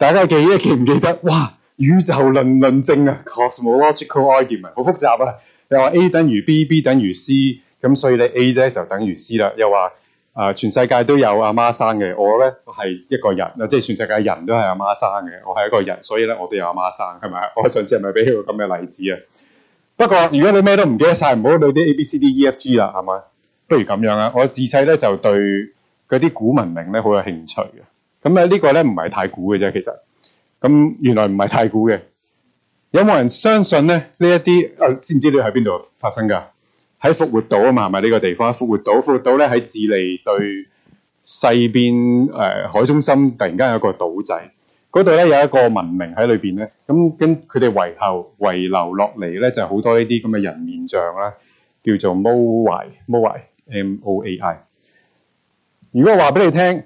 大家記憶記唔記得？哇！宇宙論論證啊，cosmological argument 好複雜啊。又話 A 等於 B，B 等於 C，咁所以咧 A 咧就等於 C 啦。又話啊、呃，全世界都有阿媽生嘅，我咧係一個人啊，即係全世界人都係阿媽生嘅，我係一個人，所以咧我都有阿媽生，係咪？我上次係咪俾個咁嘅例子啊？不過如果你咩都唔記得晒，唔好理啲 A B C D E F G 啦，係咪？不如咁樣啊，我自細咧就對嗰啲古文明咧好有興趣嘅。咁啊，呢個咧唔係太古嘅啫，其實，咁原來唔係太古嘅，有冇人相信咧？呢一啲誒，知唔知道喺邊度發生㗎？喺復活島啊嘛，係咪呢個地方？復活島，復活島咧喺智利對西邊誒、呃、海中心，突然間有一個島仔，嗰度咧有一個文明喺裏邊咧，咁跟佢哋遺，遺留遺留落嚟咧，就好多呢啲咁嘅人面像啦，叫做 Moai，Moai，M m O A I。如果我話俾你聽。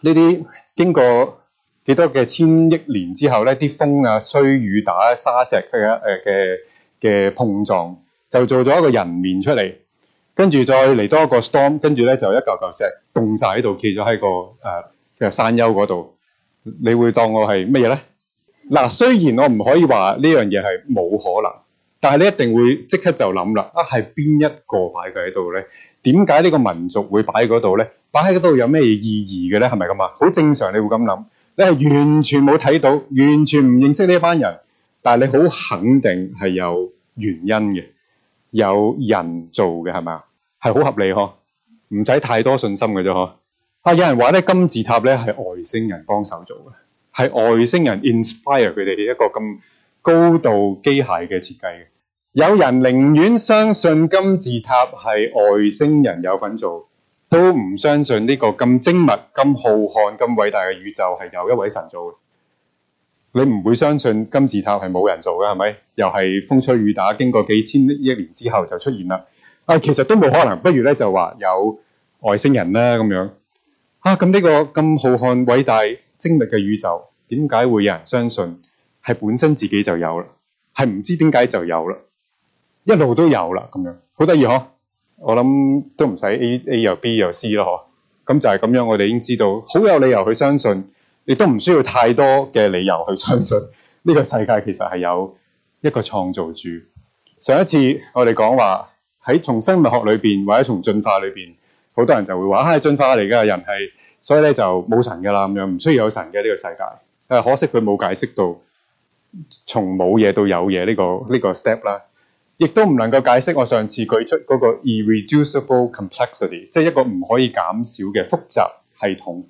呢啲經過幾多嘅千億年之後咧，啲風啊、吹雨打沙石嘅誒嘅嘅碰撞，就做咗一個人面出嚟，跟住再嚟多一個 storm，跟住咧就一嚿嚿石凍晒喺度，企咗喺個誒嘅、呃、山丘嗰度，你會當我係乜嘢咧？嗱，雖然我唔可以話呢樣嘢係冇可能。但係你一定會即刻就諗啦，啊係邊一個擺佢喺度咧？點解呢個民族會擺喺嗰度咧？擺喺嗰度有咩意義嘅咧？係咪咁啊？好正常你，你會咁諗。你係完全冇睇到，完全唔認識呢一班人。但係你好肯定係有原因嘅，有人做嘅係咪啊？係好合理呵，唔使太多信心嘅啫嗬，啊，有人話咧金字塔咧係外星人幫手做嘅，係外星人 inspire 佢哋一個咁。高度機械嘅設計，有人寧願相信金字塔係外星人有份做，都唔相信呢個咁精密、咁浩瀚、咁偉大嘅宇宙係由一位神做。你唔會相信金字塔係冇人做嘅，係咪？又係風吹雨打，經過幾千億年之後就出現啦。啊，其實都冇可能，不如咧就話有外星人啦咁樣。啊，咁呢個咁浩瀚、偉大、精密嘅宇宙，點解會有人相信係本身自己就有啦，係唔知點解就有啦，一路都有啦，咁樣好得意嗬。我諗都唔使 A A 又 B 又 C 咯，嗬。咁就係咁樣，我哋已經知道好有理由去相信，亦都唔需要太多嘅理由去相信呢、嗯嗯、個世界其實係有一個創造主。上一次我哋講話喺從生物學裏邊或者從進化裏邊，好多人就會話：，唉，進化嚟噶人係，所以咧就冇神噶啦，咁樣唔需要有神嘅呢、呢個世界。誒，可惜佢冇解釋到。從冇嘢到有嘢呢個呢個 step 啦，亦都唔能夠解釋我上次舉出嗰個 irreducible complexity，即係一個唔可以減少嘅複雜系統。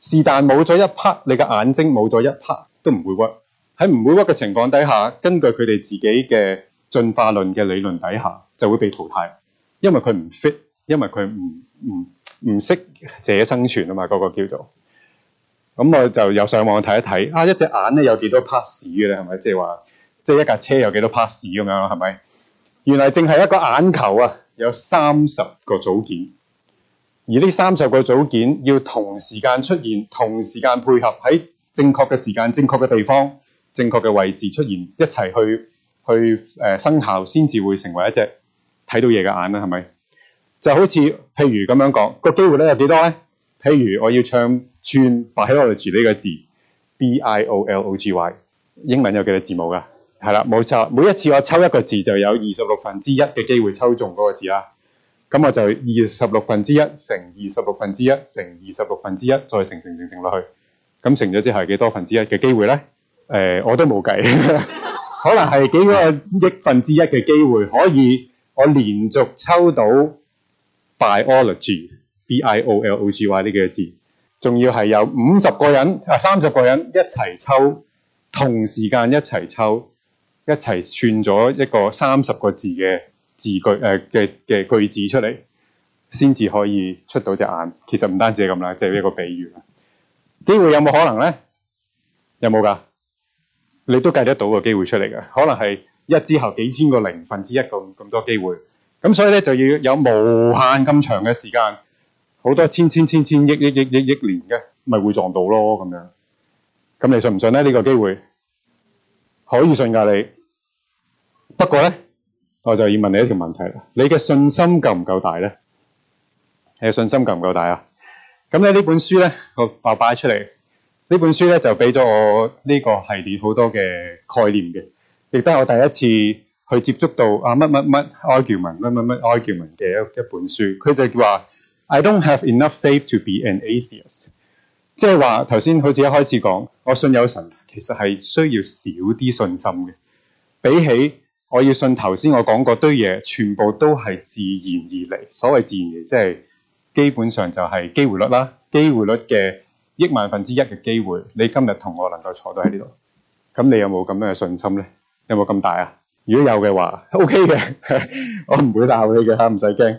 是但冇咗一 part，你嘅眼睛冇咗一 part 都唔會 work。喺唔會 work 嘅情況底下，根據佢哋自己嘅進化論嘅理論底下，就會被淘汰，因為佢唔 fit，因為佢唔唔唔適者生存啊嘛，嗰個，個叫做。咁、嗯、我就又上網睇一睇，啊一隻眼咧有幾多 pass 嘅咧，係咪？即係話，即係一架車有幾多 pass 咁樣啦，係咪？原來淨係一個眼球啊，有三十個組件，而呢三十個組件要同時間出現、同時間配合喺正確嘅時間、正確嘅地方、正確嘅位置出現，一齊去去誒、呃、生效，先至會成為一隻睇到嘢嘅眼啦，係咪？就好似譬如咁樣講，這個機會咧有幾多咧？譬如我要唱。串 biology 呢個字，b i o l o g y 英文有幾多字母㗎？係啦，冇錯。每一次我抽一個字，就有二十六分之一嘅機會抽中嗰個字啦。咁我就二十六分之一乘二十六分之一乘二十六分之一，再乘乘乘乘落去，咁乘咗之後係幾多分之一嘅機會咧？誒、呃，我都冇計， 可能係幾個億分之一嘅機會，可以我連續抽到 biology，b i o l o g y 呢幾個字。仲要係有五十個人啊，三十個人一齊抽，同時間一齊抽，一齊串咗一個三十個字嘅字句誒嘅嘅句子出嚟，先至可以出到隻眼。其實唔單止係咁啦，即係一個比喻啦。機會有冇可能咧？有冇㗎？你都計得到個機會出嚟嘅，可能係一之後幾千個零分之一咁咁多機會。咁所以咧就要有無限咁長嘅時間。好多千千千千億億億億億年嘅，咪會撞到咯咁樣。咁你信唔信咧？呢個機會可以信噶你。不過咧，我就要問你一條問題啦：你嘅信心夠唔夠大咧？你嘅信心夠唔夠大啊？咁咧呢本書咧，我擺擺出嚟呢本書咧，就俾咗我呢個系列好多嘅概念嘅，亦都係我第一次去接觸到啊乜乜乜哀叫文乜乜乜哀叫文嘅一一本書。佢就係話。I don't have enough faith to be an atheist。即係話頭先好似一開始講，我信有神其實係需要少啲信心嘅。比起我要信頭先我講嗰堆嘢，全部都係自然而嚟。所謂自然而嚟，即係基本上就係機會率啦，機會率嘅億萬分之一嘅機會，你今日同我能夠坐到喺呢度，咁你有冇咁樣嘅信心呢？有冇咁大啊？如果有嘅話，OK 嘅， 我唔會鬧你嘅吓，唔使驚。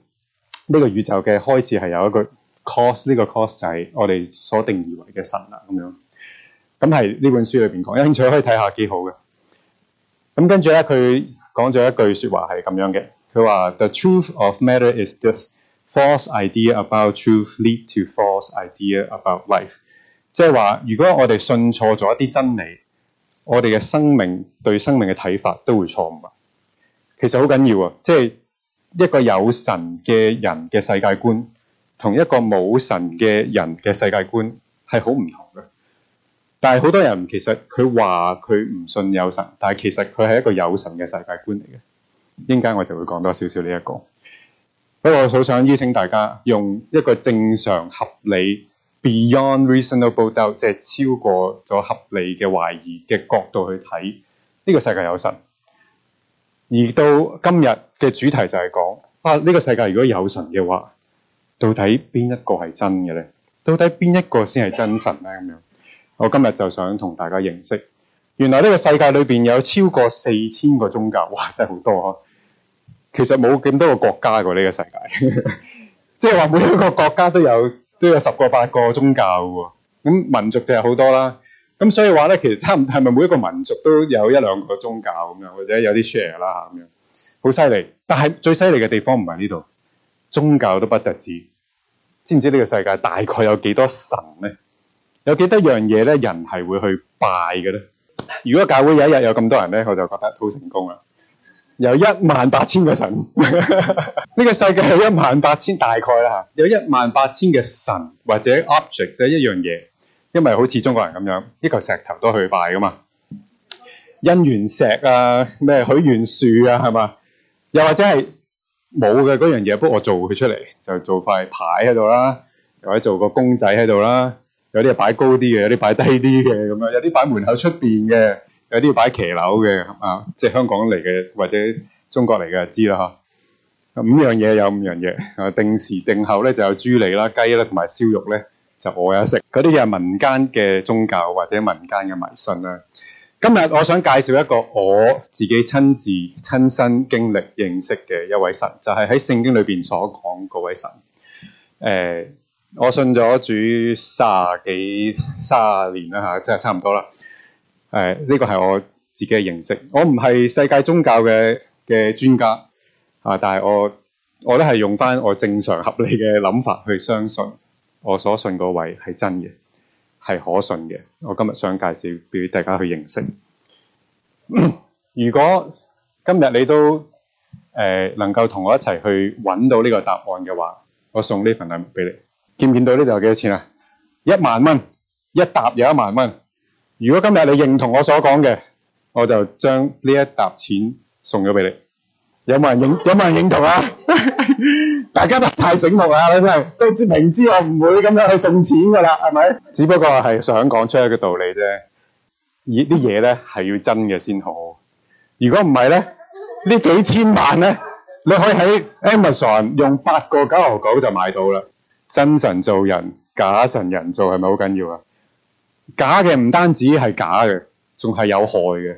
呢個宇宙嘅開始係有一個 cause，呢個 cause 就係我哋所定義為嘅神啊，咁樣。咁係呢本書裏邊講，有興趣可以睇下幾好嘅。咁跟住咧，佢講咗一句説話係咁樣嘅。佢話：The truth of matter is this false idea about truth lead to false idea about life。即係話，如果我哋信錯咗一啲真理，我哋嘅生命對生命嘅睇法都會錯誤啊。其實好緊要啊，即係。一個有神嘅人嘅世界觀，同一個冇神嘅人嘅世界觀係好唔同嘅。但係好多人其實佢話佢唔信有神，但係其實佢係一個有神嘅世界觀嚟嘅。英佳我就會講多少少呢一個。不過我好想邀請大家用一個正常合理、beyond reasonable doubt，即係超過咗合理嘅懷疑嘅角度去睇呢個世界有神。而到今日嘅主題就係講啊，呢個世界如果有神嘅話，到底邊一個係真嘅呢？到底邊一個先係真神呢？咁樣，我今日就想同大家認識，原來呢個世界裏邊有超過四千個宗教，哇，真係好多啊！其實冇咁多個國家㗎喎，呢個世界，即係話每一個國家都有都有十個八個宗教喎，咁民族就係好多啦。咁所以話咧，其實差唔多係咪每一個民族都有一兩個宗教咁樣，或者有啲 share 啦嚇咁樣，好犀利。但係最犀利嘅地方唔係呢度，宗教都不特止。知唔知呢個世界大概有幾多神咧？有幾多樣嘢咧？人係會去拜嘅咧？如果教會有一日有咁多人咧，我就覺得好成功啦。有一萬八千個神，呢 個世界有一萬八千大概啦嚇，有一萬八千嘅神或者 object 即係一樣嘢。因為好似中國人咁樣，呢嚿石頭都去拜噶嘛，姻緣石啊，咩許願樹啊，係嘛？又或者係冇嘅嗰樣嘢，不過我做佢出嚟，就做塊牌喺度啦，又或者做個公仔喺度啦。有啲係擺高啲嘅，有啲擺低啲嘅咁樣，有啲擺門口出邊嘅，有啲擺騎樓嘅啊，即係香港嚟嘅或者中國嚟嘅知啦嚇。五樣嘢有五樣嘢啊，定時定後咧就有豬脷啦、雞啦同埋燒肉咧。就我有食嗰啲嘢，係民間嘅宗教或者民間嘅迷信啦。今日我想介紹一個我自己親自親身經歷認識嘅一位神，就係喺聖經裏邊所講嗰位神。誒，我信咗主卅幾卅年啦吓，即係差唔多啦。誒，呢個係我自己嘅認識，我唔係世界宗教嘅嘅專家啊，但係我我都係用翻我正常合理嘅諗法去相信。我所信個位係真嘅，係可信嘅。我今日想介紹俾大家去認識。 如果今日你都誒、呃、能夠同我一齊去揾到呢個答案嘅話，我送呢份禮物俾你。見唔見到呢度有幾多錢啊？一萬蚊，一沓有一萬蚊。如果今日你認同我所講嘅，我就將呢一沓錢送咗俾你。有冇人認有冇人認同啊？ 大家都太醒目啦！你真係都明知我唔會咁樣去送錢噶啦，係咪？只不過係想講出一個道理啫。而啲嘢咧係要真嘅先好。如果唔係咧，呢幾千萬咧，你可以喺 Amazon 用八個九毫九就買到啦。真神做人，假神人做，係咪好緊要啊？假嘅唔單止係假嘅，仲係有害嘅。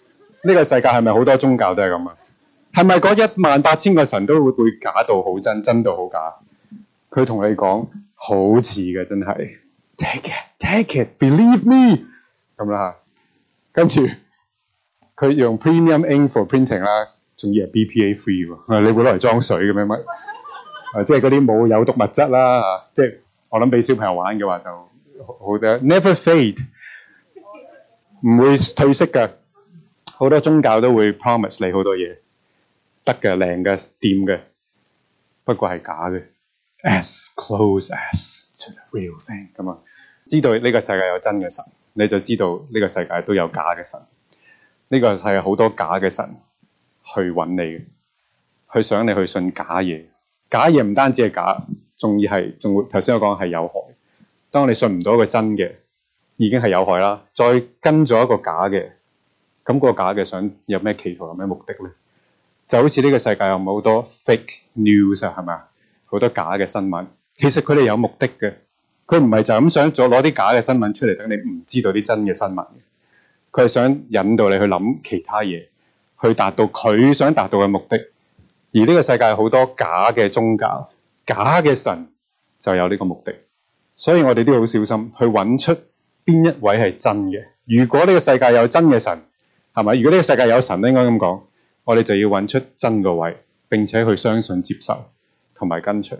呢個世界係咪好多宗教都係咁啊？係咪嗰一萬八千個神都會假到好真，真到好假？佢同你講好似嘅，真係。Take it, take it, believe me。咁啦嚇，跟住佢用 premium ink for printing 啦，仲要係 BPA free 喎。你會攞嚟裝水嘅咩乜？啊， 即係嗰啲冇有毒物質啦。啊， 即係我諗俾小朋友玩嘅話就好，好多。Never fade，唔會褪色嘅。好多宗教都會 promise 你好多嘢，得嘅、靚嘅、掂嘅，不過係假嘅。As close as to the real thing 咁啊！知道呢個世界有真嘅神，你就知道呢個世界都有假嘅神。呢個世界好多假嘅神去揾你，去想你去信假嘢。假嘢唔單止係假，仲要係仲會頭先我講係有害。當你信唔到一個真嘅，已經係有害啦。再跟咗一個假嘅。咁個假嘅相有咩企圖，有咩目的咧？就好似呢個世界有冇好多 fake news 啊？係咪啊？好多假嘅新聞，其實佢哋有目的嘅，佢唔係就咁想做攞啲假嘅新聞出嚟，等你唔知道啲真嘅新聞。佢係想引導你去諗其他嘢，去達到佢想達到嘅目的。而呢個世界好多假嘅宗教、假嘅神就有呢個目的，所以我哋都要好小心去揾出邊一位係真嘅。如果呢個世界有真嘅神。係咪？如果呢個世界有神，應該咁講，我哋就要揾出真個位，並且去相信、接受同埋跟隨。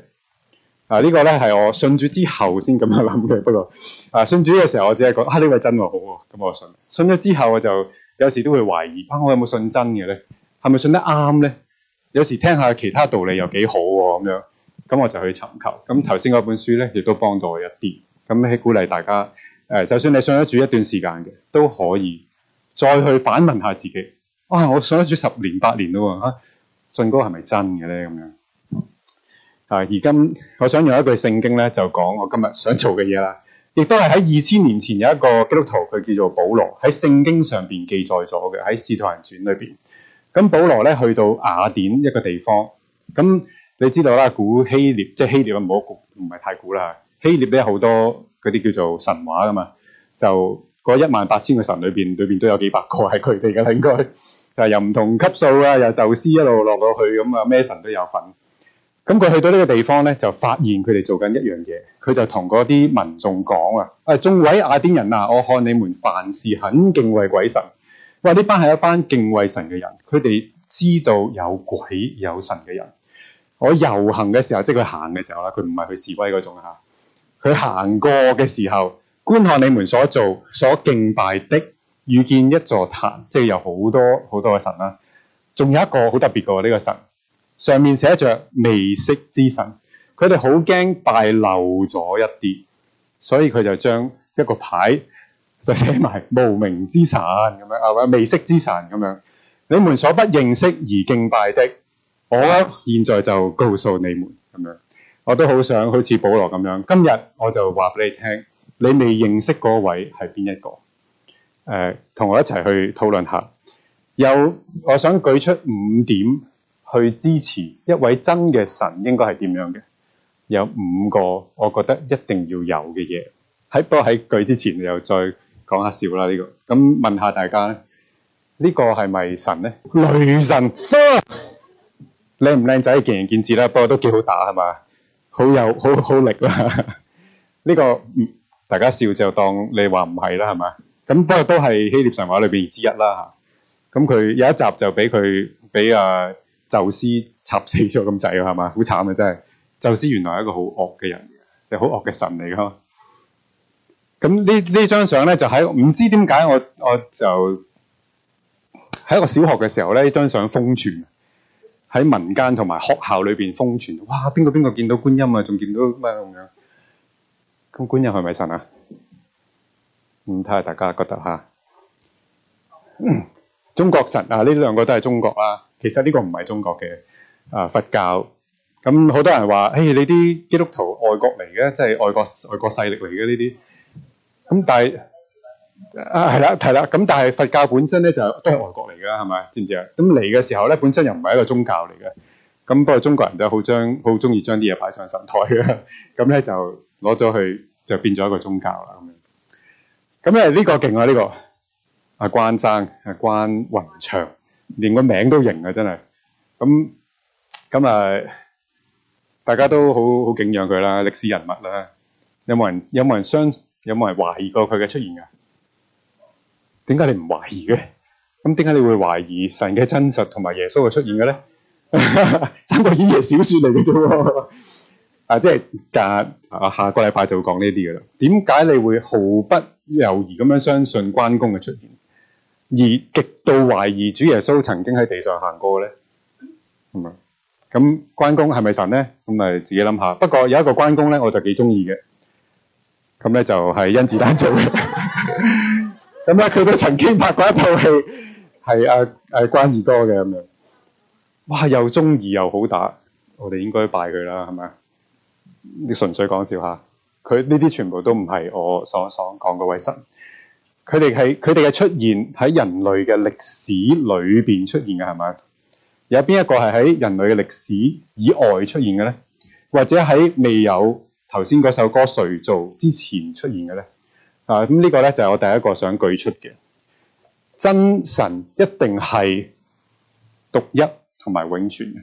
啊，這個、呢個咧係我信主之後先咁樣諗嘅。不過啊，信主嘅時候，我只係講啊呢個真喎，好喎，啊，咁我就信。信咗之後，我就有時都會懷疑啊，我有冇信真嘅咧？係咪信得啱咧？有時聽下其他道理又幾好喎，咁樣，咁我就去尋求。咁頭先嗰本書咧，亦都幫到我一啲。咁喺鼓勵大家誒、啊，就算你信咗主一段時間嘅，都可以。再去反問下自己啊！我想住十年八年咯。喎、啊，信哥係咪真嘅咧？咁樣啊！而今我想用一句聖經咧，就講我今日想做嘅嘢啦。亦都係喺二千年前有一個基督徒，佢叫做保羅，喺聖經上邊記載咗嘅，喺《使徒行傳》裏邊。咁保羅咧去到雅典一個地方，咁你知道啦，古希臘即係希臘嘅古，唔係太古啦。希臘咧好多嗰啲叫做神話噶嘛，就。嗰一萬八千個神裏邊，裏邊都有幾百個係佢哋嘅，應該，啊 又唔同級數啊，又宙斯一路落落去咁啊，咩神都有份。咁佢去到呢個地方咧，就發現佢哋做緊一樣嘢。佢就同嗰啲民眾講啊：啊、哎、眾位雅典人啊，我看你們凡事很敬畏鬼神。話，呢班係一班敬畏神嘅人，佢哋知道有鬼有神嘅人。我遊行嘅時候，即係佢行嘅時候啦，佢唔係去示威嗰種啊。佢行過嘅時候。觀看你們所做所敬拜的，遇見一座壇，即係有好多好多嘅神啦。仲有一個好特別嘅呢個神，上面寫着「未識之神」。佢哋好驚拜漏咗一啲，所以佢就將一個牌就寫埋無名之神咁樣係咪？未識之神咁樣。你們所不認識而敬拜的，我現在就告訴你們咁樣。我都好想好似保羅咁樣，今日我就話俾你聽。你未認識嗰位係邊一個？誒、呃，同我一齊去討論下。有，我想舉出五點去支持一位真嘅神應該係點樣嘅。有五個，我覺得一定要有嘅嘢。喺不過喺舉之前你又再講下笑啦。呢、呢個咁問下大家，呢個、是是呢個係咪神咧？雷神，靚唔靚仔？見仁見智啦。不過都幾好打係嘛，好有好好力啦。呢、 呢個大家笑就當你話唔係啦，係嘛？咁不過都係希臘神話裏邊之一啦嚇。咁佢有一集就俾佢俾啊宙斯插死咗咁滯啊，係嘛？好慘啊，真係！宙斯原來係一個好惡嘅人，係好惡嘅神嚟咯。咁呢呢張相咧，就喺唔知點解我我就喺我小學嘅時候咧，呢張相瘋傳喺民間同埋學校裏邊瘋傳。哇！邊個邊個見到觀音啊？仲見到咩咁樣？咁觀音係咪神啊？唔睇下大家覺得吓、嗯？中國神啊，呢兩個都係中國啦。其實呢個唔係中國嘅，啊佛教。咁好多人話，誒，你啲基督徒外國嚟嘅，即係外國外國勢力嚟嘅呢啲。咁但係啊，係啦係啦。咁但係佛教本身咧就都係外國嚟噶，係咪？知唔知啊？咁嚟嘅時候咧，本身又唔係一個宗教嚟嘅。咁不過中國人都好將好中意將啲嘢擺上神台嘅。咁咧就。攞咗去就變咗一個宗教啦咁樣，這個、樣，咁誒呢個勁啊呢個，阿關生阿關雲長連個名都型啊真係，咁咁啊，大家都好好敬仰佢啦，歷史人物啦，有冇人有冇人相有冇人懷疑過佢嘅出現噶？點解你唔懷疑嘅？咁點解你會懷疑神嘅真實同埋耶穌嘅出現嘅咧？ 三國演義小說嚟嘅啫喎。啊！即係，但下個禮拜就會講呢啲嘅啦。點解你會毫不猶豫咁樣相信關公嘅出現，而極度懷疑主耶穌曾經喺地上行過咧？咁啊，咁關公係咪神咧？咁咪自己諗下。不過有一個關公咧，我就幾中意嘅。咁咧就係甄子丹做嘅。咁咧佢都曾經拍過一套戲，啊，係阿誒關二哥嘅咁樣。哇！又中意又好打，我哋應該拜佢啦，係咪啊？你純粹講笑吓，佢呢啲全部都唔係我所講講嗰位神。佢哋係佢哋嘅出現喺人類嘅歷史裏邊出現嘅係咪？有邊一個係喺人類嘅歷史以外出現嘅咧？或者喺未有頭先嗰首歌誰造之前出現嘅咧？啊，咁呢個咧就係我第一個想舉出嘅真神一定係獨一同埋永存嘅。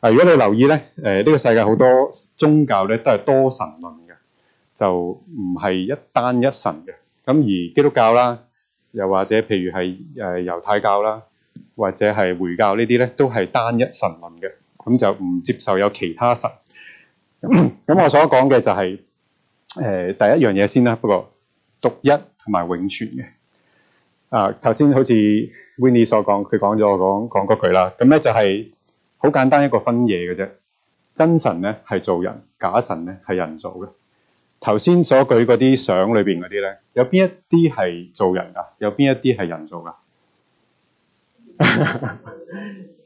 啊！如果你留意咧，誒、這、呢個世界好多宗教咧都係多神論嘅，就唔係一單一神嘅。咁而基督教啦，又或者譬如係誒猶太教啦，或者係回教呢啲咧，都係單一神論嘅。咁就唔接受有其他神。咁 我所講嘅就係、是、誒、呃、第一樣嘢先啦。不過獨一同埋永存嘅。啊，頭先好似 Winnie 所講，佢講咗講講嗰句啦。咁咧就係、是。好簡單一個分野嘅啫，真神咧係做人，假神咧係人造嘅。頭先所舉嗰啲相裏邊嗰啲咧，有邊一啲係做人啊？有邊一啲係人造噶？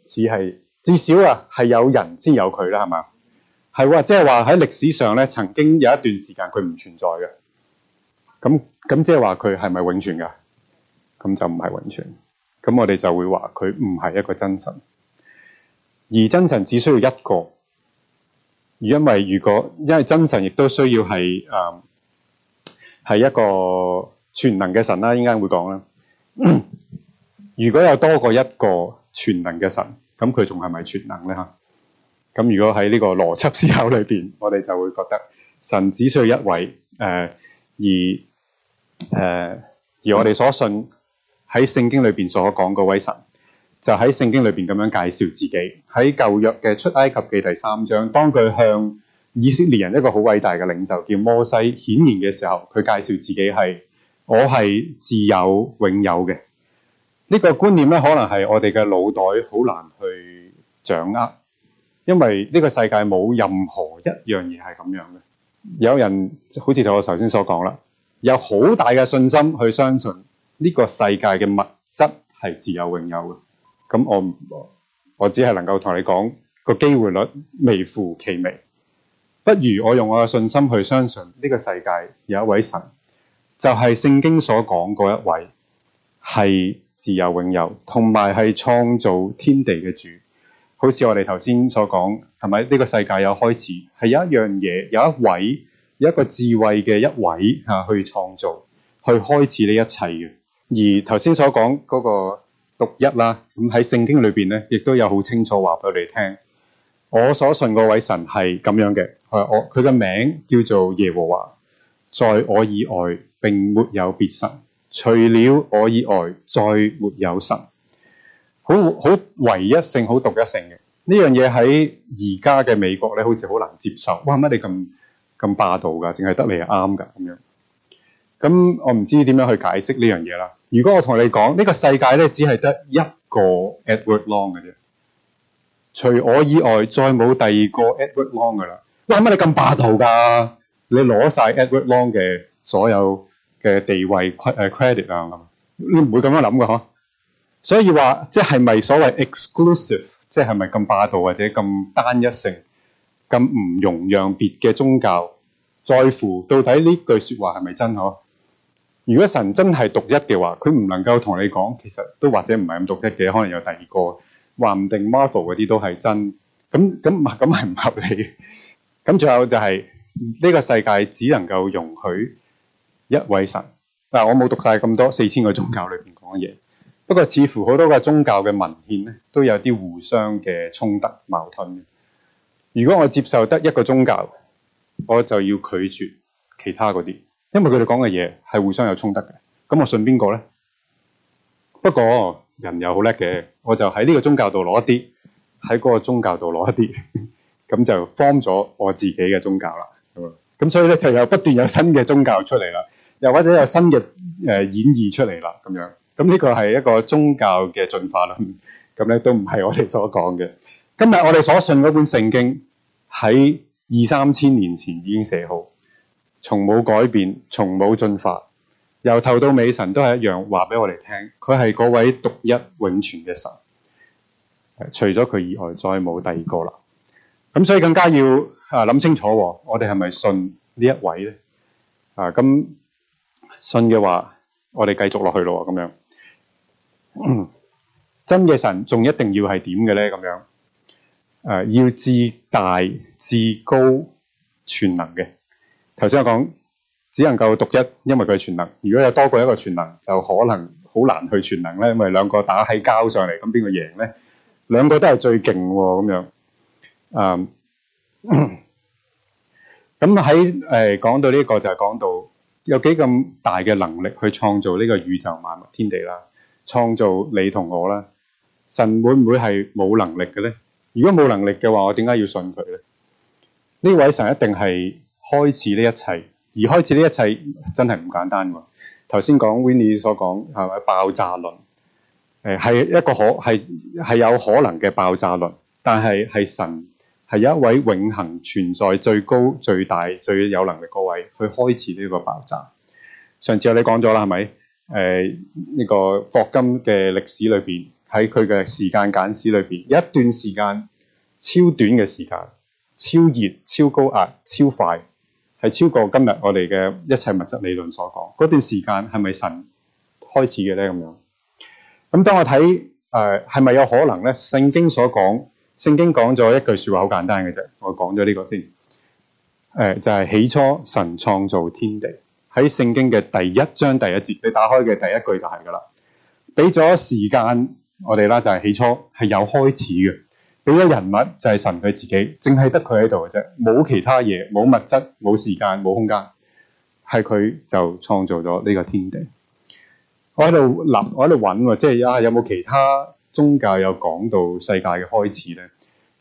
似 係至少啊，係有人先有佢啦，係嘛？係喎，即係話喺歷史上咧，曾經有一段時間佢唔存在嘅。咁咁即係話佢係咪永存噶？咁就唔係永存。咁我哋就會話佢唔係一個真神。而真神只需要一個，因為如果因為真神亦都需要係誒係一個全能嘅神啦，應該會講啦。如果有多過一個全能嘅神，咁佢仲係咪全能咧？嚇？咁如果喺呢個邏輯思考裏邊，我哋就會覺得神只需要一位誒、呃，而誒、呃、而我哋所信喺聖經裏邊所講嗰位神，就喺聖經裏邊咁樣介紹自己，喺舊約嘅出埃及記第三章，當佢向以色列人一個好偉大嘅領袖叫摩西顯現嘅時候，佢介紹自己係我係自有永有嘅。呢個觀念咧，可能係我哋嘅腦袋好難去掌握，因為呢個世界冇任何一樣嘢係咁樣嘅。有人好似就我頭先所講啦，有好大嘅信心去相信呢個世界嘅物質係自有永有嘅。咁我我只係能夠同你講個機會率微乎其微，不如我用我嘅信心去相信呢個世界有一位神，就係、是、聖經所講嗰一位，係自有永有，同埋係創造天地嘅主。好似我哋頭先所講，係咪呢個世界有開始，係有一樣嘢，有一位，有一個智慧嘅一位吓去創造，去開始呢一切嘅。而頭先所講嗰、那個。一啦，咁喺、嗯、聖經裏邊咧，亦都有好清楚話俾我哋聽，我所信嗰位神係咁樣嘅，係我佢嘅名叫做耶和華，在我以外並沒有別神，除了我以外再沒有神。好好唯一性好獨一性嘅呢樣嘢，喺而家嘅美國咧，好似好難接受，哇，乜你咁咁霸道噶？淨係得你係啱噶咁樣。咁、嗯嗯、我唔知點樣去解釋呢樣嘢啦。如果我同你講，呢個世界咧，只係得一個 Edward Long 嘅啫，除我以外再冇第二個 Edward Long 嘅啦。哇！乜你咁霸道㗎？你攞晒 Edward Long 嘅所有嘅地位誒 credit 啊？你唔會咁樣諗嘅呵？所以話即係咪所謂 exclusive，即係咪咁霸道或者咁單一性、咁唔容讓別嘅宗教在乎到底呢句說話係咪真呵？如果神真係獨一嘅話，佢唔能夠同你講，其實都或者唔係咁獨一嘅，可能有第二個，話唔定 Marvel 嗰啲都係真。咁咁咁係唔合理。咁仲有就係呢個世界只能夠容許一位神。但係，我冇讀晒咁多四千個宗教裏邊講嘅嘢，不過似乎好多個宗教嘅文獻咧都有啲互相嘅衝突矛盾。如果我接受得一個宗教，我就要拒絕其他嗰啲。因為佢哋講嘅嘢係互相有衝突嘅，咁我信邊個呢？不過人又好叻嘅，我就喺呢個宗教度攞一啲，喺嗰個宗教度攞一啲，咁 就 form 咗我自己嘅宗教啦。咁所以咧，就有不斷有新嘅宗教出嚟啦，又或者有新嘅誒演繹出嚟啦，咁樣。咁呢個係一個宗教嘅進化啦。咁 咧都唔係我哋所講嘅。今日我哋所信嗰本聖經喺二三千年前已經寫好，從冇改變，從冇進化，由頭到尾神都係一樣，話俾我哋聽，佢係嗰位獨一永存嘅神，除咗佢以外，再冇第二個啦。咁、嗯、所以更加要啊諗清楚，我哋係咪信呢一位咧？啊，咁、嗯、信嘅話，我哋繼續落去咯，咁樣 真嘅神仲一定要係點嘅咧？咁樣誒、啊，要至大至高全能嘅。頭先我講，只能夠獨一，因為佢係全能。如果有多過一個全能，就可能好難去全能咧，因為兩個打喺交上嚟，咁邊個贏咧？兩個都係最勁咁樣。嗯，咁喺誒講到呢個就係講到有幾咁大嘅能力去創造呢個宇宙萬物天地啦，創造你同我啦。神會唔會係冇能力嘅咧？如果冇能力嘅話，我點解要信佢咧？呢位神一定係。開始呢一切，而開始呢一切真係唔簡單噶。頭先講 Winnie 所講係咪爆炸論？誒、呃，係一個可係係有可能嘅爆炸論，但係係神係一位永恒存在、最高、最大、最有能力個位去開始呢個爆炸。上次我哋講咗啦，係咪？誒、呃，呢、這個霍金嘅歷史裏邊，喺佢嘅時間簡史裏邊，一段時間，超短嘅時間，超熱、超高壓、超快。係超過今日我哋嘅一切物質理論所講嗰段時間，係咪神開始嘅咧？咁樣，咁當我睇誒，係咪有可能咧？聖經所講，聖經講咗一句說話好簡單嘅啫，我講咗呢個先。誒、呃，就係起初神創造天地喺聖經嘅第一章第一節，你打開嘅第一句就係噶啦，俾咗時間我哋啦，就係起初係有開始嘅。俾咗人物就係神佢自己，淨係得佢喺度嘅啫，冇其他嘢，冇物質，冇時間，冇空間，係佢就創造咗呢個天地。我喺度諗，我喺度揾喎，即係啊，有冇其他宗教有講到世界嘅開始咧？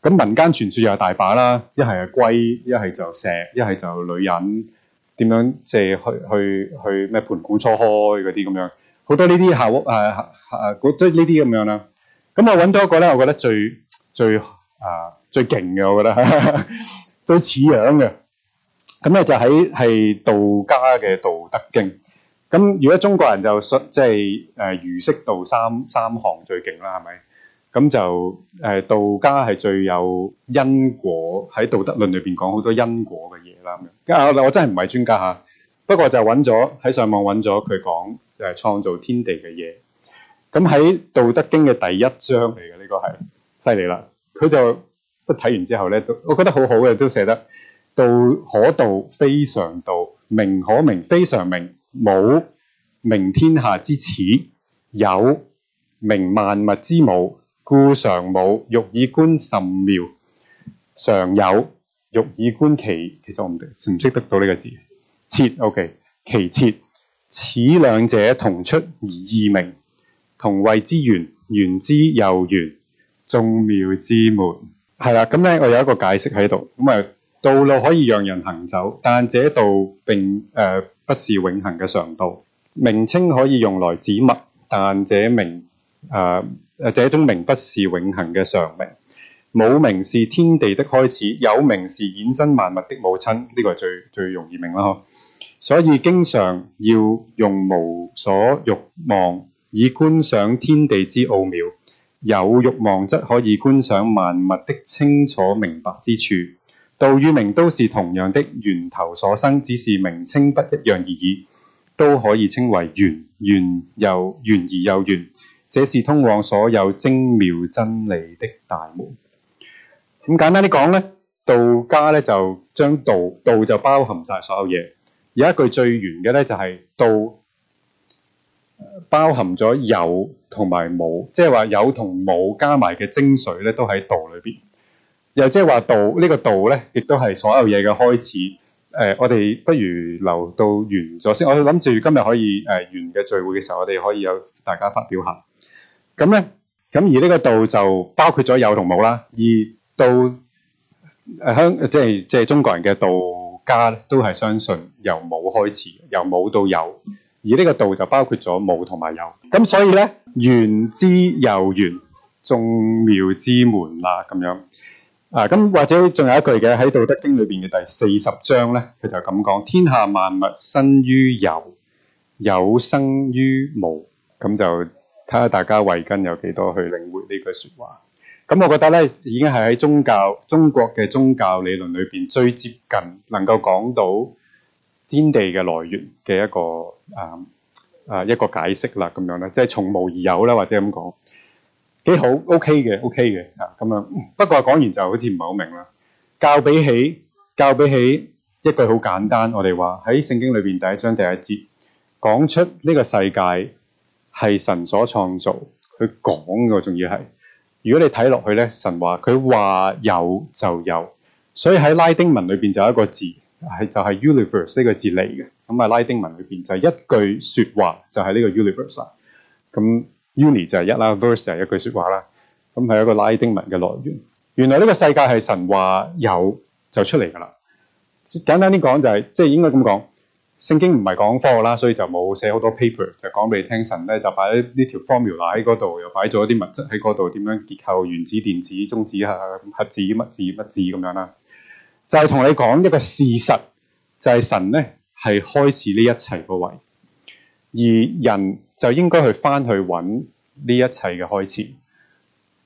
咁民間傳說又係大把啦，一係係龜，一係就石，一係就女人，點樣即係去去去咩盤古初開嗰啲咁樣，好多呢啲口誒誒，即係呢啲咁樣啦。咁、啊啊啊啊啊啊就是、我揾到一個咧，我覺得最，最啊最勁嘅，我覺得最似樣嘅。咁、嗯、咧就喺、是、係道家嘅《道德經》嗯。咁如果中國人就即係誒儒釋道三三行最勁啦，係咪？咁、嗯、就誒、呃、道家係最有因果喺《道德論》裏邊講好多因果嘅嘢啦。咁、嗯、啊，我真係唔係專家吓，不過就揾咗喺上網揾咗佢講誒創造天地嘅嘢。咁、嗯、喺《嗯、道德經》嘅第一章嚟嘅呢個係。犀利啦！佢就都睇完之後咧，都我覺得好好嘅，都寫得道可道非常道，名可名非常名，無名天下之始，有名萬物之母。故常無欲以觀甚妙，常有欲以觀其，其實我唔唔識得到呢個字，切 OK 其切此兩者同出而異名，同謂之玄，玄之又玄，眾妙之門，係啦，咁咧我有一個解釋喺度，咁啊，道路可以讓人行走，但這道並誒、呃、不是永恒嘅常道。名稱可以用來指物，但這名誒誒、呃、這種名不是永恒嘅常名。冇名，是天地的開始，有名是衍生萬物的母親，呢、這個係最最容易明啦。嗬，所以經常要用無所欲望以觀賞天地之奧妙。有欲望則可以觀想萬物的清楚明白之處。道與名都是同樣的源頭所生，只是名稱不一樣而已，都可以稱為玄，玄又玄而又玄。這是通往所有精妙真理的大門。咁、嗯、簡單啲講呢，道家咧就將道，道就包含晒所有嘢。有一句最玄嘅咧就係道，包含咗有。同埋冇，即係話有同冇加埋嘅精髓咧，都喺道裏邊。又即係話道呢個道咧，亦都係所有嘢嘅開始。誒、呃，我哋不如留到完咗先。我諗住今日可以誒、呃、完嘅聚會嘅時候，我哋可以有大家發表下。咁咧，咁而呢個道就包括咗有同冇啦。而道誒香、啊，即係即係中國人嘅道家，都係相信由冇開始，由冇到有。而呢個道就包括咗冇同埋有。咁所以咧。玄之又玄，眾妙之門啦，咁樣啊，咁或者仲有一句嘅喺《道德經》裏邊嘅第四十章咧，佢就咁講：天下萬物生於有，有生於無。咁就睇下大家慧根有幾多去領會呢句說話。咁、嗯，我覺得咧，已經係喺宗教中國嘅宗教理論裏邊最接近，能夠講到天地嘅來源嘅一個啊。嗯啊，一個解釋啦，咁樣咧，即係從無而有啦，或者咁講，幾好，OK 嘅，OK 嘅，啊，咁啊，不過講完就好似唔係好明啦。教比起教比起一句好簡單，我哋話喺聖經裏邊第一章第一節講出呢個世界係神所創造，佢講嘅，仲要係如果你睇落去咧，神話佢話有就有，所以喺拉丁文裏邊就有一個字。係就係 universe 呢個字嚟嘅，咁啊拉丁文裏邊就係一句説話，就係、是、呢個 universe 啊。咁 uni 就係一啦，verse 就係一句説話啦。咁係一個拉丁文嘅來源。原來呢個世界係神話有就出嚟㗎啦。簡單啲講就係、是，即、就、係、是、應該咁講。聖經唔係講科啦，所以就冇寫好多 paper，就講俾你聽。神咧就擺喺呢條 formula 喺嗰度，又擺咗啲物質喺嗰度，點樣結構原子、電子、中子啊、核子、乜子、乜子咁樣啦。就係同你講一個事實，就係、是、神咧係開始呢一切個位，而人就應該去翻去揾呢一切嘅開始。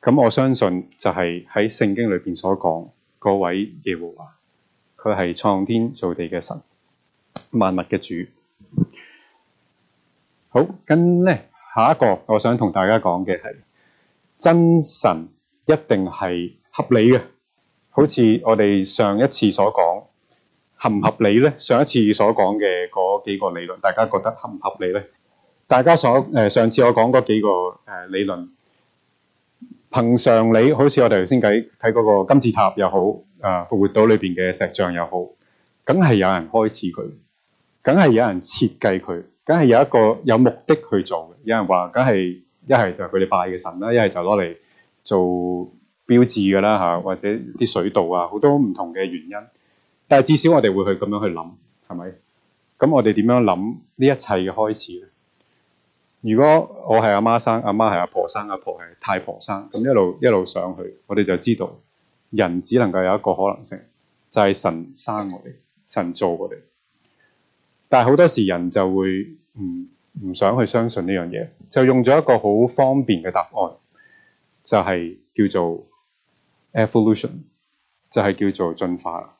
咁我相信就係喺聖經裏邊所講個位耶和華，佢係創天造地嘅神，萬物嘅主。好，咁咧下一個我想同大家講嘅係真神一定係合理嘅。好似我哋上一次所講合唔合理呢？上一次所講嘅嗰幾個理論，大家覺得合唔合理呢？大家所誒、呃、上次我講嗰幾個理論，憑、呃、常理，好似我哋頭先睇嗰個金字塔又好，誒、呃、復活島裏邊嘅石像又好，梗係有人開始佢，梗係有人設計佢，梗係有一個有目的去做嘅。有人話梗係一係就係佢哋拜嘅神啦，一係就攞嚟做.標誌嘅啦吓，或者啲水道啊，好多唔同嘅原因。但係至少我哋會去咁樣去諗，係咪？咁我哋點樣諗呢一切嘅開始咧？如果我係阿媽生，阿媽係阿婆生，阿婆係太婆生，咁一路一路上去，我哋就知道人只能夠有一個可能性，就係神生我哋，神造我哋。但係好多時人就會唔唔想去相信呢樣嘢，就用咗一個好方便嘅答案，就係叫做。Evolution 就係叫做進化啦。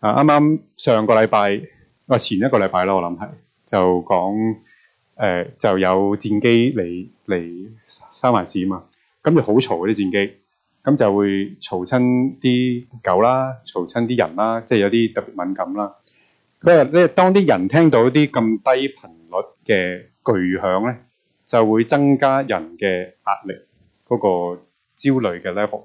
啊，啱啱上個禮拜或前一個禮拜啦，我諗係就講誒、呃、就有戰機嚟嚟三環市啊嘛。咁就好嘈嗰啲戰機，咁就會嘈親啲狗啦，嘈親啲人啦，即係有啲特別敏感啦。嗰日咧，當啲人聽到啲咁低頻率嘅巨響咧，就會增加人嘅壓力，嗰個焦慮嘅 level。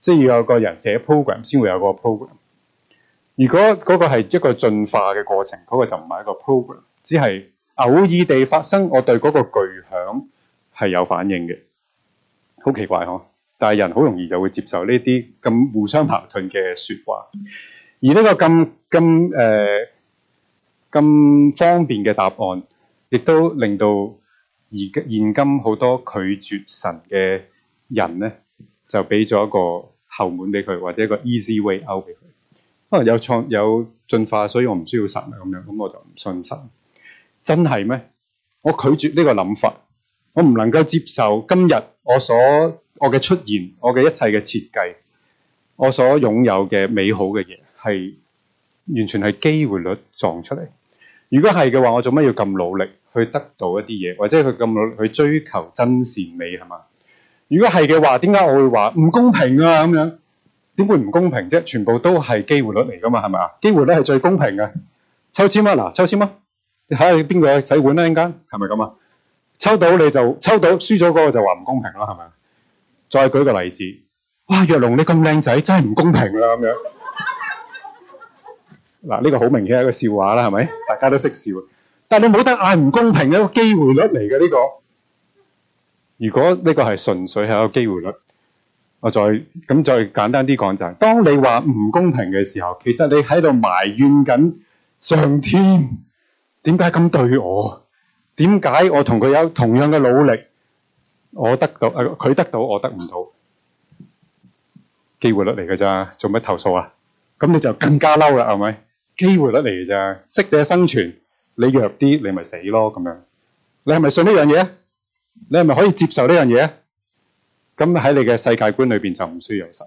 即係要有個人寫 program 先會有個 program。如果嗰個係一個進化嘅過程，嗰個就唔係一個 program，只係偶爾地發生。我對嗰個巨響係有反應嘅，好奇怪呵！但係人好容易就會接受呢啲咁互相矛盾嘅説話，而呢個咁咁誒咁方便嘅答案，亦都令到而現今好多拒絕神嘅人咧。就俾咗一個後門俾佢，或者一個 easy way out 俾佢。可、啊、能有創有進化，所以我唔需要神啊，咁樣咁我就唔信神。真係咩？我拒絕呢個諗法，我唔能夠接受今日我所我嘅出現，我嘅一切嘅設計，我所擁有嘅美好嘅嘢係完全係機會率撞出嚟。如果係嘅話，我做乜要咁努力去得到一啲嘢，或者佢咁努力去追求真善美係嘛？如果係嘅話，點解我會話唔公平啊？咁樣點會唔公平啫？全部都係機會率嚟㗎嘛？係咪啊？機會率係最公平嘅。抽籤啊嗱，抽籤啊，你睇下邊個洗碗啦，啊！陣間係咪咁啊？抽到你就抽到，輸咗嗰個就話唔公平啦？係咪？再舉個例子，哇！若龍你咁靚仔，真係唔公平啦！咁樣嗱，呢 個好明顯係一個笑話啦，係咪？大家都識笑，但係你冇得嗌唔公平嘅個機會率嚟嘅呢個。如果呢個係純粹係一個機會率，我再咁再簡單啲講就係：當你話唔公平嘅時候，其實你喺度埋怨緊上天，點解咁對我？點解我同佢有同樣嘅努力，我得到佢、呃、得到，我得唔到？機會率嚟㗎咋，做乜投訴啊？咁你就更加嬲啦，係咪？機會率嚟㗎咋，適者生存，你弱啲你咪死咯咁樣。你係咪信呢樣嘢？你係咪可以接受呢樣嘢？咁喺你嘅世界觀裏邊就唔需要有神，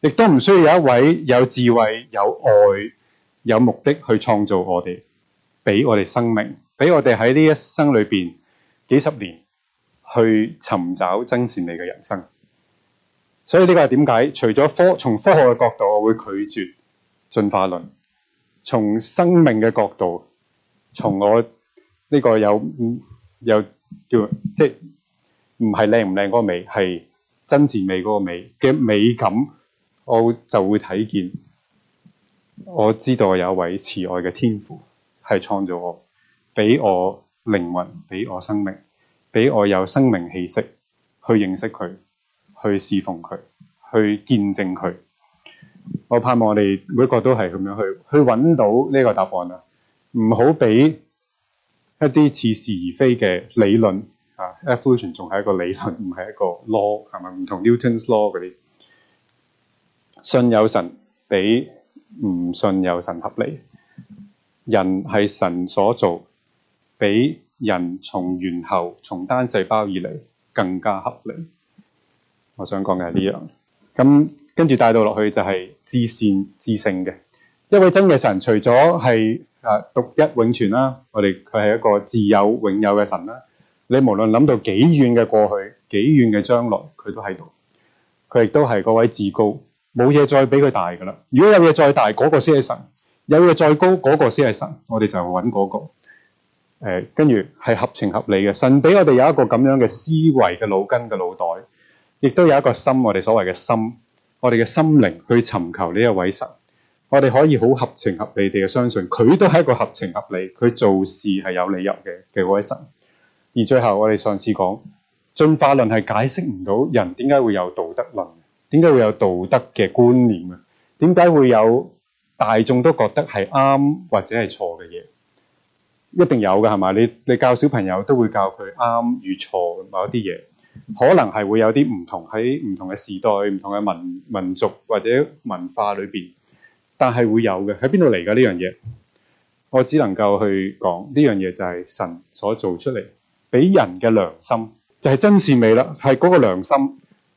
亦都唔需要有一位有智慧、有愛、有目的去創造我哋，俾我哋生命，俾我哋喺呢一生裏邊幾十年去尋找真善美嘅人生。所以呢個係點解？除咗科，從科學嘅角度，我會拒絕進化論；從生命嘅角度，從我呢個有有。叫即係唔係靚唔靚嗰個美，係真善美嗰個美嘅美感，我就會睇見。我知道我有位慈愛嘅天父係創造我，俾我靈魂，俾我生命，俾我有生命氣息去認識佢，去侍奉佢，去見證佢。我盼望我哋每一個都係咁樣去去搵到呢個答案啊，唔好俾。一啲似是而非嘅理論，啊，evolution 仲係一個理論，唔係一個 law，係咪唔同 Newton’s law 嗰啲？信有神比唔信有神合理，人係神所做，比人從猿猴、從單細胞以嚟更加合理。我想講嘅係呢樣，咁跟住帶到落去就係知善知性嘅。一位真嘅神，除咗係啊獨一永存啦，我哋佢係一個自有永有嘅神啦。你無論諗到幾遠嘅過去，幾遠嘅將來，佢都喺度。佢亦都係嗰位至高，冇嘢再比佢大噶啦。如果有嘢再大，嗰個先係神；有嘢再高，嗰個先係神。我哋就揾嗰個。誒，跟住係合情合理嘅。神俾我哋有一個咁樣嘅思維嘅腦筋嘅腦袋，亦都有一個心，我哋所謂嘅心，我哋嘅心靈去尋求呢一位神。我哋可以好合情合理地相信佢都係一個合情合理，佢做事係有理由嘅嘅一位神。而最後我哋上次講進化論係解釋唔到人點解會有道德論，點解會有道德嘅觀念啊？點解會有大眾都覺得係啱或者係錯嘅嘢？一定有嘅，係嘛？你你教小朋友都會教佢啱與錯某一啲嘢，可能係會有啲唔同喺唔同嘅時代、唔同嘅民民族或者文化裏邊。但係會有嘅，喺邊度嚟㗎呢樣嘢？我只能夠去講呢樣嘢就係神所做出嚟，俾人嘅良心就係、是、真善美啦。係嗰個良心，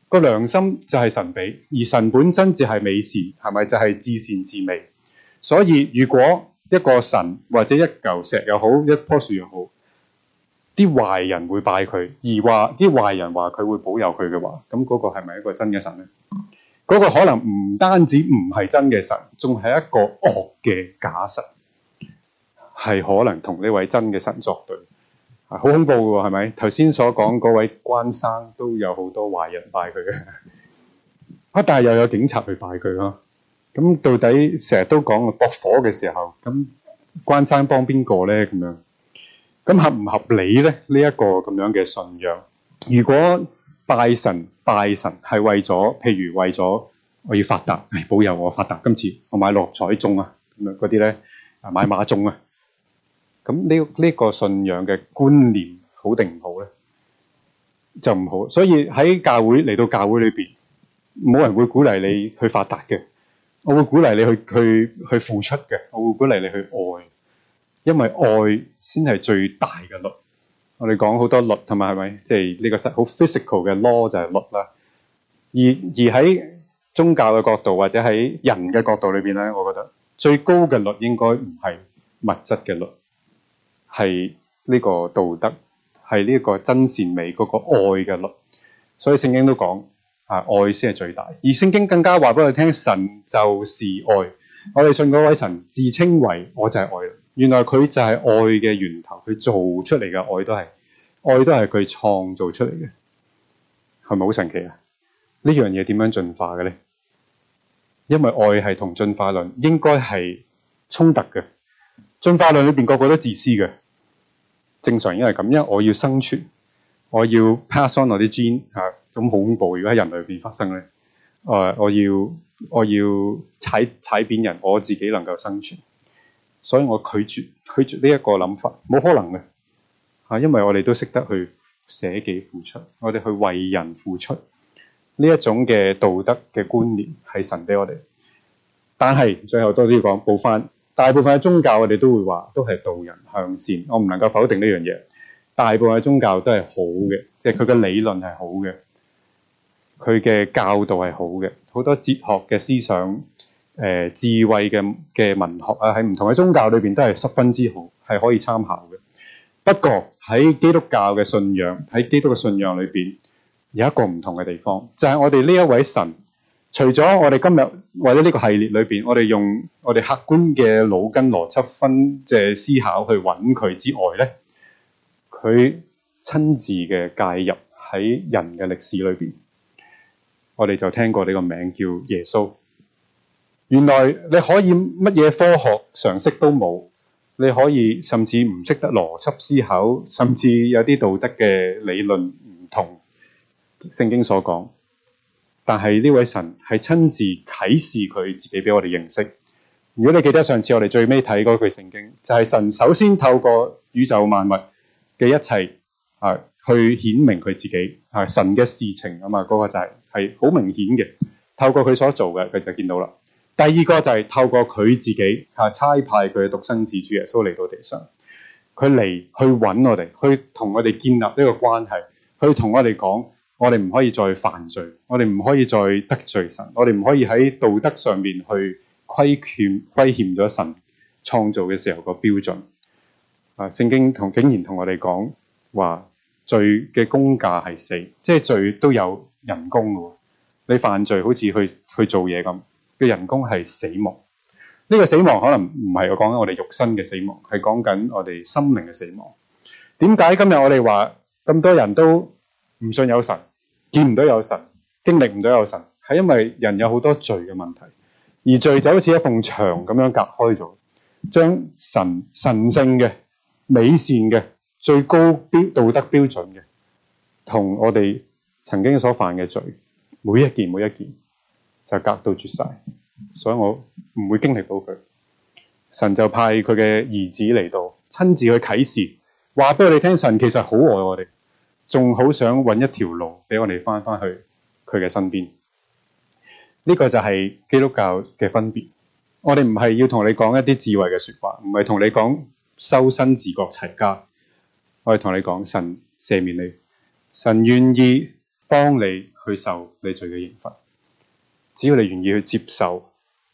這個良心就係神俾，而神本身就係美事，係咪就係、是、至善至美？所以如果一個神或者一嚿石又好，一樖樹又好，啲壞人會拜佢，而話啲壞人話佢會保佑佢嘅話，咁嗰個係咪一個真嘅神呢？嗰個可能唔單止唔係真嘅神，仲係一個惡嘅假神，係可能同呢位真嘅神作對，好恐怖嘅喎，係咪？頭先所講嗰位關生都有好多壞人拜佢嘅，啊！但係又有警察去拜佢咯。咁到底成日都講駁火嘅時候，咁關生幫邊個咧？咁樣咁合唔合理咧？呢一個咁樣嘅信仰，如果？拜神拜神係為咗，譬如為咗我要發達，唉、哎，保佑我發達。今次我買六合彩中啊，咁嗰啲咧，買馬中啊，咁呢呢個信仰嘅觀念好定唔好咧？就唔好。所以喺教會嚟到教會裏邊，冇人會鼓勵你去發達嘅。我會鼓勵你去去去付出嘅。我會鼓勵你去愛，因為愛先係最大嘅律。我哋講好多律同埋係咪？即係呢個好 physical 嘅 law 就係律啦。而而喺宗教嘅角度或者喺人嘅角度裏邊咧，我覺得最高嘅律應該唔係物質嘅律，係呢個道德，係呢個真善美嗰個愛嘅律。所以聖經都講啊，愛先係最大。而聖經更加話俾我聽，神就是愛。我哋信嗰位神自稱為我就係愛。原來佢就係愛嘅源頭，佢做出嚟嘅愛都係愛都係佢創造出嚟嘅，係咪好神奇啊？呢樣嘢點樣進化嘅咧？因為愛係同進化論應該係衝突嘅，進化論裏邊個個都自私嘅，正常因為咁，因為我要生存，我要 pass on 我啲 gene 吓，咁好恐怖。如果喺人類裏邊發生咧，誒、呃，我要我要踩踩扁人，我自己能夠生存。所以我拒絕拒絕呢一個諗法，冇可能嘅嚇，因為我哋都識得去捨己付出，我哋去為人付出呢一種嘅道德嘅觀念係神俾我哋。但係最後多啲講，補返大部分嘅宗教我哋都會話，都係導人向善，我唔能夠否定呢樣嘢。大部分嘅宗教都係好嘅，即係佢嘅理論係好嘅，佢嘅教導係好嘅，好多哲學嘅思想。誒、呃、智慧嘅嘅文學啊，喺唔同嘅宗教裏邊都係十分之好，係可以參考嘅。不過喺基督教嘅信仰，喺基督嘅信仰裏邊有一個唔同嘅地方，就係、是、我哋呢一位神，除咗我哋今日為咗呢個系列裏邊，我哋用我哋客觀嘅腦筋、邏輯分即係思考去揾佢之外咧，佢親自嘅介入喺人嘅歷史裏邊，我哋就聽過呢個名叫耶穌。原來你可以乜嘢科學常識都冇，你可以甚至唔識得邏輯思考，甚至有啲道德嘅理論唔同聖經所講。但係呢位神係親自啟示佢自己俾我哋認識。如果你記得上次我哋最尾睇嗰句聖經，就係、是、神首先透過宇宙萬物嘅一切啊，去顯明佢自己啊，神嘅事情啊嘛。嗰、那個就係係好明顯嘅，透過佢所做嘅，佢就見到啦。第二個就係透過佢自己嚇差派佢嘅獨生子主，耶穌嚟到地上，佢嚟去揾我哋，去同我哋建立呢個關係，去同我哋講，我哋唔可以再犯罪，我哋唔可以再得罪神，我哋唔可以喺道德上面去虧欠虧欠咗神創造嘅時候個標準啊。聖經同竟然同我哋講話罪嘅工價係死，即係罪都有人工嘅喎。你犯罪好似去去，去做嘢咁。嘅人工係死亡，呢、這個死亡可能唔係我講緊我哋肉身嘅死亡，係講緊我哋心靈嘅死亡。點解今日我哋話咁多人都唔信有神，見唔到有神，經歷唔到有神，係因為人有好多罪嘅問題，而罪就好似一埲牆咁樣隔開咗，將神神聖嘅美善嘅最高標道德標準嘅，同我哋曾經所犯嘅罪每一件每一件。就隔到絕晒，所以我唔會經歷到佢。神就派佢嘅兒子嚟到，親自去啟示，話俾我哋聽，神其實好愛我哋，仲好想揾一條路俾我哋翻返去佢嘅身邊。呢個就係基督教嘅分別。我哋唔係要同你講一啲智慧嘅說話，唔係同你講修身治國齊家，我哋同你講神赦免你，神願意幫你去受你罪嘅刑罰。只要你願意去接受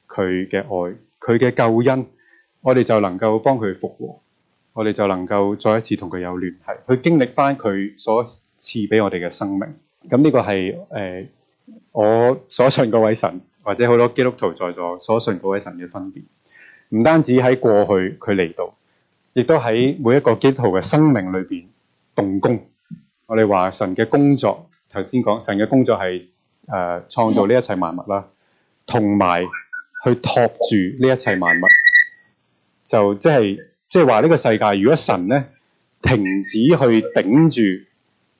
佢嘅愛，佢嘅救恩，我哋就能夠幫佢復和，我哋就能夠再一次同佢有聯繫，去經歷翻佢所賜俾我哋嘅生命。咁呢個係誒、呃、我所信嗰位神，或者好多基督徒在座所信嗰位神嘅分別。唔單止喺過去佢嚟到，亦都喺每一個基督徒嘅生命裏邊動工。我哋話神嘅工作，頭先講神嘅工作係。誒，創、呃、造呢一切萬物啦，同埋去托住呢一切萬物，就即係即係話呢個世界，如果神咧停止去頂住，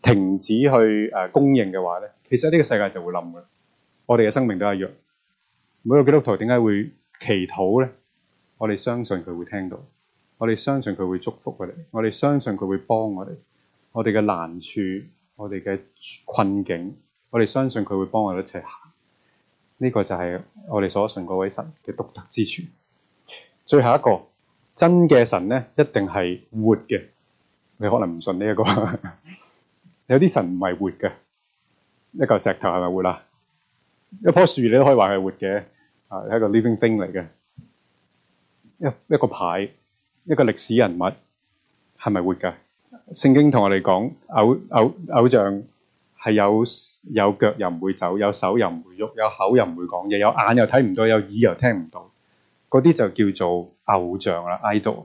停止去誒、呃、供應嘅話咧，其實呢個世界就會冧嘅。我哋嘅生命都一樣，每個基督徒點解會祈禱咧？我哋相信佢會聽到，我哋相信佢會祝福佢哋，我哋相信佢會幫我哋，我哋嘅難處，我哋嘅困境。我哋相信佢會幫我哋一齊行，呢個就係我哋所信嗰位神嘅獨特之處。最後一個真嘅神咧，一定係活嘅。你可能唔信呢一個， 有啲神唔係活嘅，一嚿石頭係咪活啦？一棵樹你都可以話係活嘅，係一個 living thing 嚟嘅。一一個牌，一個歷史人物，係咪活噶？聖經同我哋講偶偶偶像。係有有腳又唔會走，有手又唔會喐，有口又唔會講嘢，有眼又睇唔到，有耳又聽唔到，嗰啲就叫做偶像啦，idol。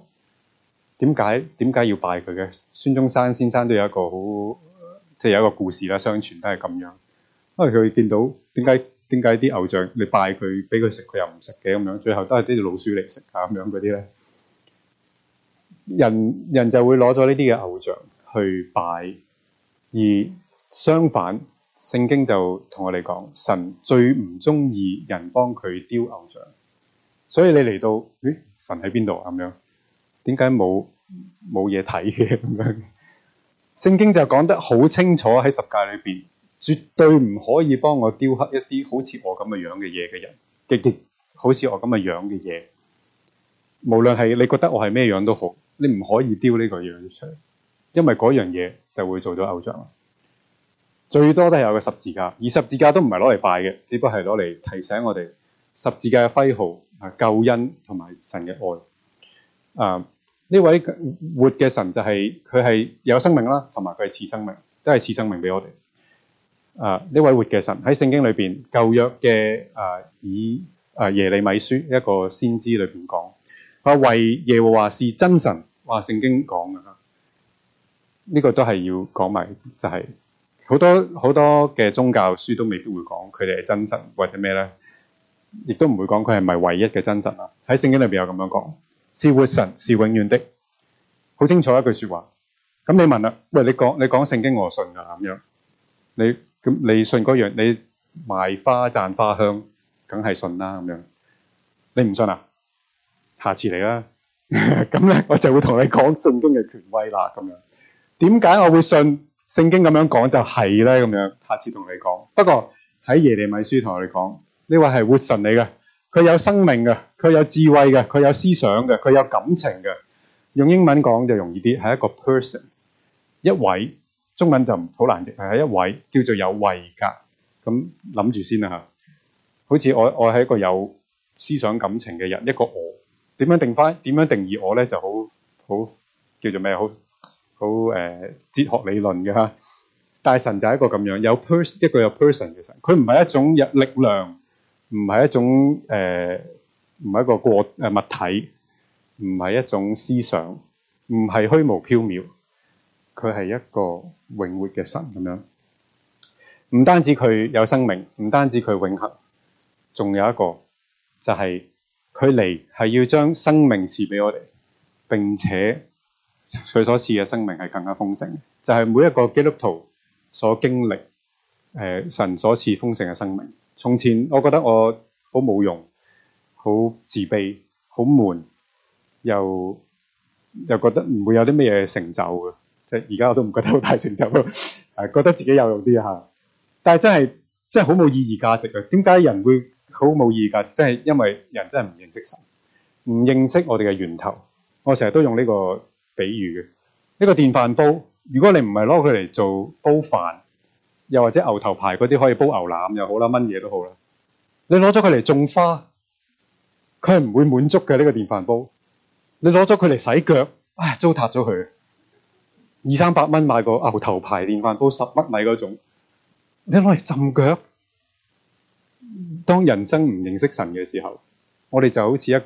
點解點解要拜佢嘅？孫中山先生都有一個好，即係有一個故事啦，相傳都係咁樣。因為佢見到點解點解啲偶像你拜佢，俾佢食佢又唔食嘅咁樣，最後都係啲老鼠嚟食啊咁樣嗰啲咧。人人就會攞咗呢啲嘅偶像去拜，而。相反，聖經就同我哋講，神最唔中意人幫佢雕偶像，所以你嚟到，咦，神喺邊度啊？咁樣，點解冇冇嘢睇嘅咁樣？ 聖經就講得好清楚，喺十誡裏邊，絕對唔可以幫我雕刻一啲好似我咁嘅樣嘅嘢嘅人，極極好似我咁嘅樣嘅嘢，無論係你覺得我係咩樣都好，你唔可以雕呢個樣出嚟，因為嗰樣嘢就會做咗偶像。最多都係有個十字架，而十字架都唔係攞嚟拜嘅，只不過係攞嚟提醒我哋十字架嘅徽號啊，救恩同埋神嘅愛啊。呢、呃、位活嘅神就係佢係有生命啦，同埋佢係賜生命，都係賜生命俾我哋啊。呢、呃、位活嘅神喺聖經裏邊舊約嘅啊、呃、以啊、呃、耶利米書一個先知裏邊講啊，為耶和華是真神，話聖經講㗎啦。呢、這個都係要講埋，就係、是。好多好多嘅宗教書都未必會講佢哋係真實或者咩咧，亦都唔會講佢係咪唯一嘅真神啊！喺聖經裏邊有咁樣講，是活神，是永遠的，好清楚一句説話。咁你問啦，喂，你講你講聖經，我信噶咁樣，你咁你信嗰樣，你賣花讚花香，梗係信啦咁樣。你唔信啊？下次嚟啦，咁 咧我就會同你講聖經嘅權威啦，咁樣點解我會信？聖經咁樣講就係咧咁樣，下次同你講。不過喺耶利米書同我哋講，呢位係活神嚟嘅，佢有生命嘅，佢有智慧嘅，佢有思想嘅，佢有感情嘅。用英文講就容易啲，係一個 person，一位中文就唔好難譯嘅，係一位叫做有位格。咁諗住先啦嚇。好似我我係一個有思想感情嘅人，一個我點樣定翻？點樣定義我咧就好好叫做咩好？好誒、呃，哲學理論嘅哈，大神就係一個咁樣，有 person，一個有 person 嘅神，佢唔係一種力量，唔係一種誒，唔、呃、係一個過誒、啊、物體，唔係一種思想，唔係虛無縹緲，佢係一個永活嘅神咁樣。唔單止佢有生命，唔單止佢永恆，仲有一個就係佢嚟係要將生命賜俾我哋，並且。佢所賜嘅生命係更加豐盛，就係、是、每一個基督徒所經歷，誒、呃、神所賜豐盛嘅生命。從前我覺得我好冇用，好自卑，好悶，又又覺得唔會有啲咩嘢成就嘅，即係而家我都唔覺得好大成就咯，誒、啊、覺得自己有用啲吓。但係真係真係好冇意義價值啊！點解人會好冇意義價值？真係因為人真係唔認識神，唔認識我哋嘅源頭。我成日都用呢、這個。比喻嘅呢、這個電飯煲，如果你唔係攞佢嚟做煲飯，又或者牛頭牌嗰啲可以煲牛腩又好啦，乜嘢都好啦，你攞咗佢嚟種花，佢係唔會滿足嘅呢個電飯煲。你攞咗佢嚟洗腳，唉糟蹋咗佢。二三百蚊買個牛頭牌電飯煲，十粒米嗰種，你攞嚟浸腳。當人生唔認識神嘅時候，我哋就好似一個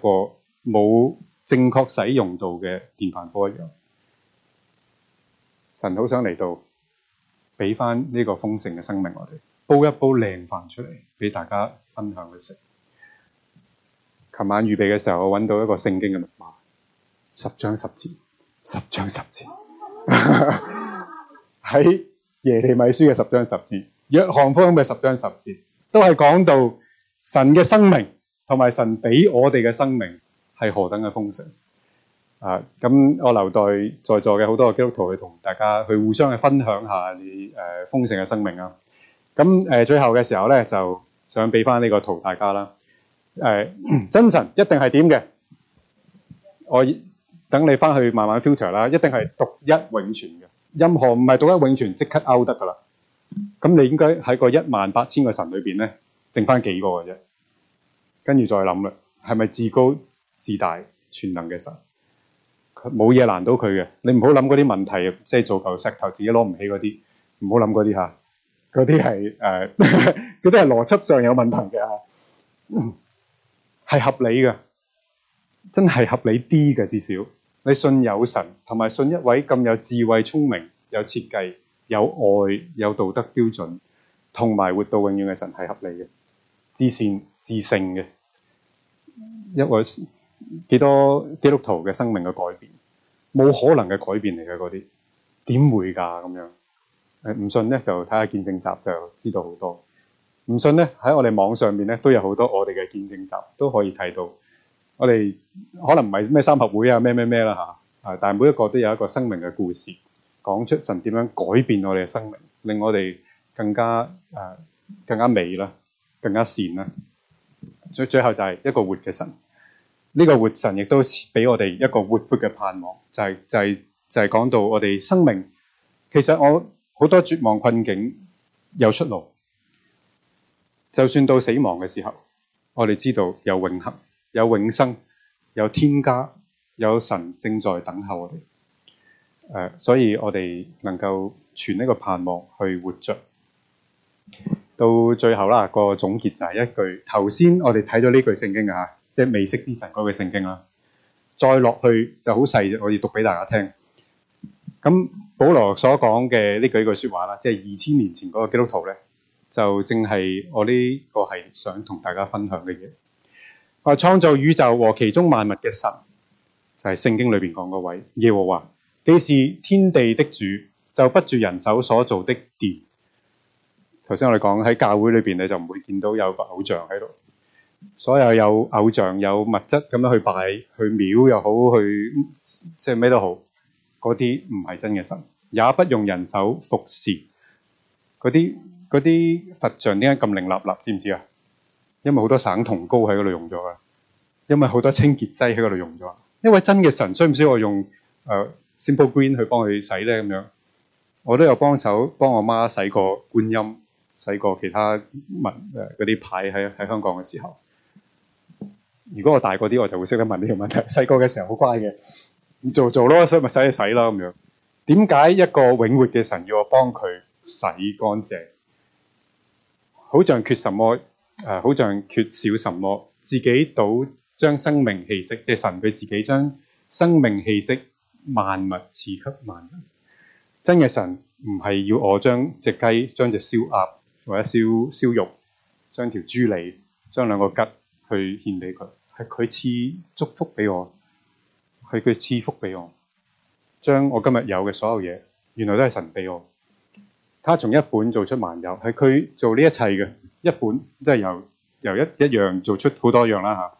冇。正確使用到嘅電飯煲一樣，神好想嚟到俾翻呢個豐盛嘅生命我哋，煲一煲靚飯出嚟俾大家分享去食。琴晚預備嘅時候，我揾到一個聖經嘅密碼，十章十字。十章十字喺 耶利米書嘅十章十字，約翰福音嘅十章十字都係講到神嘅生命，同埋神俾我哋嘅生命。係何等嘅豐盛啊！咁、uh, 我留待在座嘅好多基督徒去同大家去互相去分享下你誒豐盛嘅生命啊！咁誒、呃、最後嘅時候咧，就想俾翻呢個圖大家啦。誒、uh, 真神一定係點嘅？我等你翻去慢慢 filter 啦，一定係獨一永存嘅。任何唔係獨一永存，即刻勾得噶啦！咁你應該喺個一萬八千個神裏邊咧，剩翻幾個嘅啫？跟住再諗啦，係咪至高？至大全能嘅神，冇嘢難到佢嘅。你唔好諗嗰啲問題，即係做嚿石頭自己攞唔起嗰啲，唔好諗嗰啲嚇。嗰啲係誒，嗰啲係邏輯上有問題嘅嚇，係、嗯、合理嘅，真係合理啲嘅。至少你信有神，同埋信一位咁有智慧、聰明、有設計、有愛、有道德標準，同埋活到永遠嘅神，係合理嘅，至善至聖嘅一位。幾多基督徒嘅生命嘅改變，冇可能嘅改變嚟嘅嗰啲，點會㗎咁樣？誒，唔信咧就睇下見證集就知道好多。唔信咧喺我哋網上面咧都有好多我哋嘅見證集都可以睇到我。我哋可能唔係咩三合會啊咩咩咩啦吓，啊，但係每一個都有一個生命嘅故事，講出神點樣改變我哋嘅生命，令我哋更加誒、呃，更加美啦，更加善啦。最最後就係一個活嘅神。呢個活神亦都俾我哋一個活潑嘅盼望，就係、就係、就係、講到我哋生命。其實我好多絕望困境有出路，就算到死亡嘅時候，我哋知道有永恆、有永生、有天家、有神正在等候我哋。誒，所以我哋能夠傳呢個盼望去活着。到最後啦，個總結就係一句：頭先我哋睇咗呢句聖經啊。即係未識啲神嗰個聖經啦，再落去就好細，我要讀俾大家聽。咁保羅所講嘅呢幾句説話啦，即係二千年前嗰個基督徒咧，就正係我呢個係想同大家分享嘅嘢，話創造宇宙和其中萬物嘅神，就係聖經裏邊講嗰位耶和華，既是天地的主，就不住人手所造的殿。頭先我哋講喺教會裏邊，你就唔會見到有個偶像喺度。所有有偶像有物質咁樣去拜，去廟又好，去即係咩都好，嗰啲唔係真嘅神，也不用人手服侍。嗰啲啲佛像點解咁靈立立，知唔知啊？因為好多省銅膏喺嗰度用咗啊，因為好多清潔劑喺嗰度用咗。啊。因為真嘅神需唔需要我用誒、呃、Simple Green 去幫佢洗咧？咁樣我都有幫手幫我媽洗過觀音，洗過其他物誒，嗰啲牌喺喺香港嘅時候。如果我大個啲，我就會識得問呢個問題。細個嘅時候好乖嘅，做做咯，所以咪洗一洗咯咁樣。點解一個永活嘅神要我幫佢洗乾淨？好像缺什麼？誒、呃，好像缺少什麼？自己倒將生命氣息，即係神佢自己將生命氣息萬物賜給萬物。真嘅神唔係要我將隻雞、將隻燒鴨或者燒燒肉、將條豬脷、將兩個桔去獻俾佢。係佢賜祝福俾我，係佢賜福俾我，將我今日有嘅所有嘢，原來都係神俾我。他從一本造出萬有，係佢做呢一切嘅一本，即係由由一一樣做出好多樣啦吓、啊。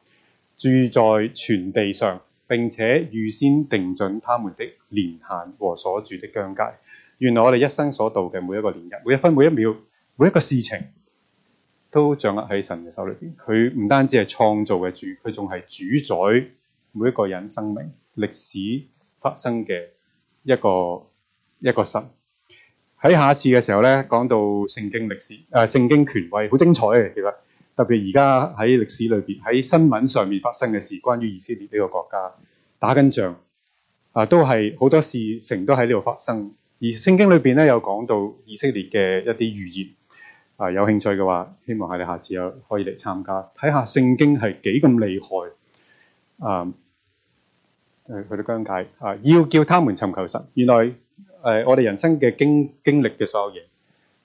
住在全地上，並且預先定準他們的年限和所住的疆界。原來我哋一生所度嘅每一個年日，每一分每一秒，每一個事情。都掌握喺神嘅手裏邊，佢唔單止係創造嘅主，佢仲係主宰每一個人生命、歷史發生嘅一個一個神。喺下一次嘅時候咧，講到聖經歷史，誒、啊，聖經權威好精彩嘅，其實特別而家喺歷史裏邊，喺新聞上面發生嘅事，關於以色列呢個國家打緊仗啊，都係好多事情都喺呢度發生。而聖經裏邊咧，有講到以色列嘅一啲預言。啊，有興趣嘅話，希望你哋下次又可以嚟參加，睇下聖經係幾咁厲害啊！佢哋分解啊，要叫他們尋求神。原來誒、呃，我哋人生嘅經經歷嘅所有嘢，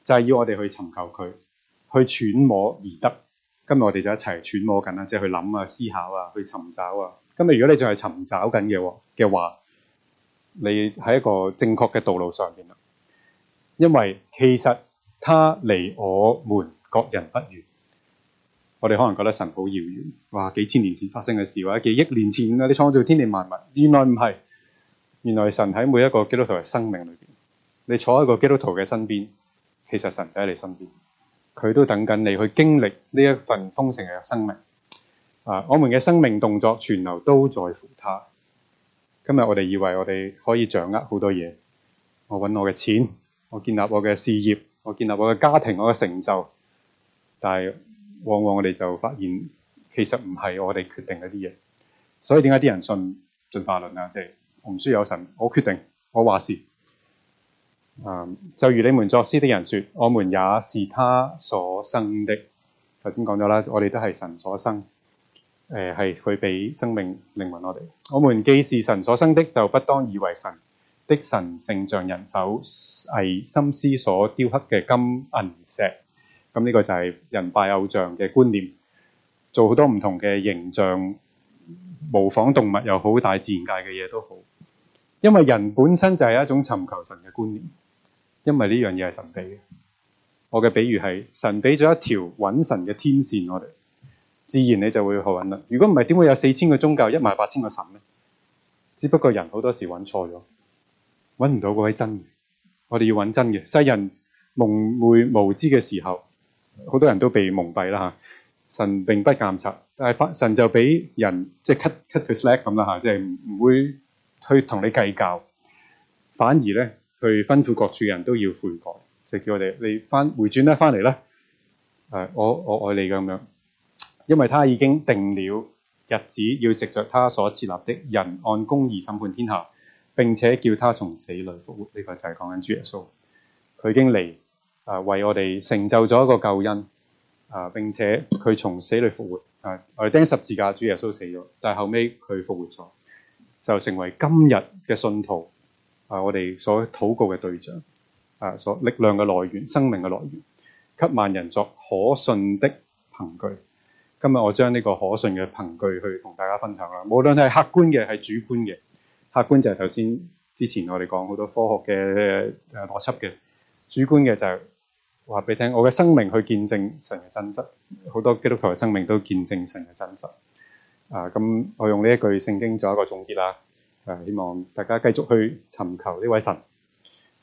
就係要我哋去尋求佢，去揣摩而得。今日我哋就一齊揣摩緊啦，即係去諗啊、思考啊、去尋找啊。今日如果你仲係尋找緊嘅嘅話，你喺一個正確嘅道路上邊啦。因為其實。他離我們各人不遠，我哋可能覺得神好遙遠，話幾千年前發生嘅事，或者幾億年前啊，你創造天地萬物，原來唔係，原來神喺每一個基督徒嘅生命裏邊，你坐喺個基督徒嘅身邊，其實神就喺你身邊，佢都等緊你去經歷呢一份豐盛嘅生命。啊，我們嘅生命動作存留都在乎他。今日我哋以為我哋可以掌握好多嘢，我揾我嘅錢，我建立我嘅事業。我建立我嘅家庭，我嘅成就，但係往往我哋就發現，其實唔係我哋決定嗰啲嘢。所以點解啲人信進化論啊？即係唔需要有神，我決定，我話事。嗯，就如你們作詩的人說，我們也是他所生的。頭先講咗啦，我哋都係神所生。誒、呃，係佢俾生命、靈魂我哋。我們既是神所生的，就不當以為神。的神聖像人手，係心思所雕刻嘅金銀石，咁、這、呢個就係人拜偶像嘅觀念，做好多唔同嘅形象，模仿動物又好，大自然界嘅嘢都好，因為人本身就係一種尋求神嘅觀念，因為呢樣嘢係神俾嘅。我嘅比喻係神俾咗一條揾神嘅天線，我哋自然你就會去揾啦。如果唔係，點會有四千個宗教，一萬八千個神呢？只不過人好多時揾錯咗。揾唔到嗰位真嘅，我哋要揾真嘅。世人蒙昧無知嘅時候，好多人都被蒙蔽啦吓，神並不監察，但係神就俾人即係 cut cut 佢 slack 咁啦吓，即係唔會去同你計較，反而咧去吩咐各處人都要悔改，就叫我哋你翻回，回轉啦，翻嚟啦。誒，我我愛你咁樣，因為他已經定了日子，要藉著他所設立的人，按公義審判天下。並且叫他從死裏復活，呢個就係講緊主耶穌，佢已經嚟啊，為我哋成就咗一個救恩啊，並且佢從死裏復活啊，我哋釘十字架，主耶穌死咗，但係後尾佢復活咗，就成為今日嘅信徒啊，我哋所禱告嘅對象啊，所力量嘅來源、生命嘅來源，給萬人作可信的憑據。今日我將呢個可信嘅憑據去同大家分享啦，無論係客觀嘅，係主觀嘅。客觀就係頭先之前我哋講好多科學嘅、誒邏輯嘅，主觀嘅就係話俾你聽我嘅生命去見證神嘅真實，好多基督徒嘅生命都見證神嘅真實。啊，咁我用呢一句聖經做一個總結啦。誒，希望大家繼續去尋求呢位神。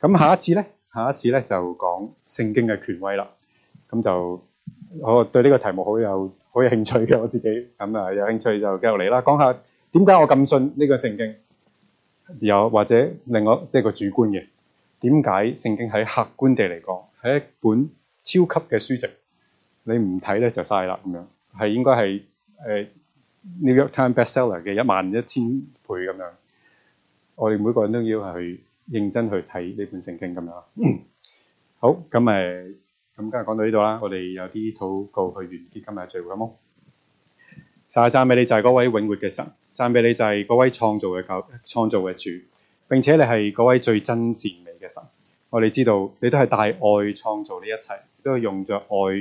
咁下一次咧，下一次咧就講聖經嘅權威啦。咁就我對呢個題目好有好有興趣嘅我自己，咁啊有興趣就繼續嚟啦。講下點解我咁信呢個聖經。有，或者另外一個主觀嘅點解聖經喺客觀地嚟講係一本超級嘅書籍，你唔睇咧就嘥啦咁樣，係應該係誒 New York Times bestseller 嘅一萬一千倍咁樣，我哋每個人都要係去認真去睇呢本聖經咁樣。 好咁誒，咁今日講到呢度啦，我哋有啲禱告去完結今日嘅聚會，好冇？讚美就係讚俾你，就係嗰位永活嘅神；讚俾你，就係嗰位創造嘅教、創造嘅主。並且你係嗰位最真善美嘅神。我哋知道你都係大愛創造呢一切，都係用着愛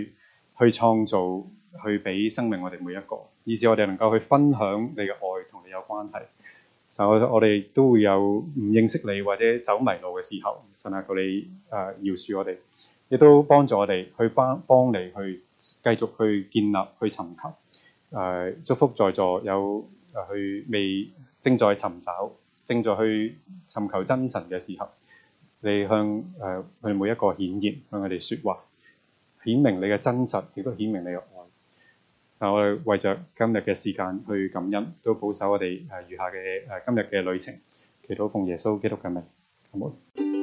去創造，去俾生命我哋每一個，以至我哋能夠去分享你嘅愛同你有關係。就我我哋都會有唔認識你或者走迷路嘅時候，神下佢你誒饒、呃、恕我哋，亦都幫助我哋去幫幫你去繼續去建立去尋求。誒，uh, 祝福在座有誒、啊、去未正在尋找，正在去尋求真神嘅時候，你向誒、啊、去每一個顯現，向我哋說話，顯明你嘅真實，亦都顯明你嘅愛。但我哋為着今日嘅時間去感恩，都保守我哋誒餘下嘅誒、啊、今日嘅旅程，祈禱奉耶穌基督嘅名，好冇？